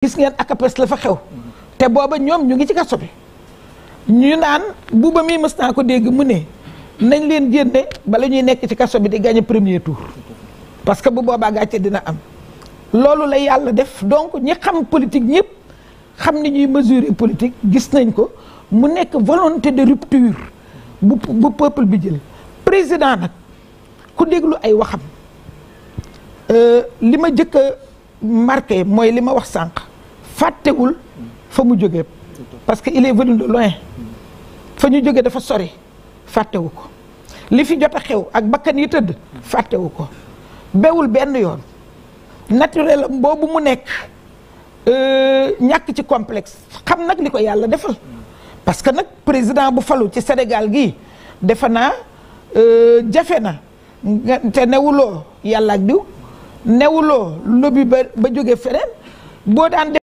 gis ngeen akapes la fa xew te booba ñoom ñu ngi ci kaso bi ñu naan buuba mii mës naa ko dégg mu ne nañ leen génne bala ñuy nekk ci kaso bi di gagné premier tour parce que bu boobaa gàcce dina am loolu la yàlla def donc ñi xam politique ñëpp xam ni ñuy mesurer politique gis nañ ko mu nekk volonté de rupture bu peuple bi jël président nag ku déglu ay waxam euh, li ma jëkk a marqué mooy li ma wax sànq fàttewul fa mu jógee parce que il est venu loin fa ñu jógee dafa sori fàttewu ko li fi jot a xew ak bakkan yi tëdd fàttewu ko bewul benn yoon naturel am boobu mu nekk euh, ñàkk ci complexe xam nag li ko yàlla defal parce que nag président bu falu ci Sénégal gi defe naa euh, jafe na te newuloo yàlla ak diw newuloo lobby ba ba jóge feneen boo daan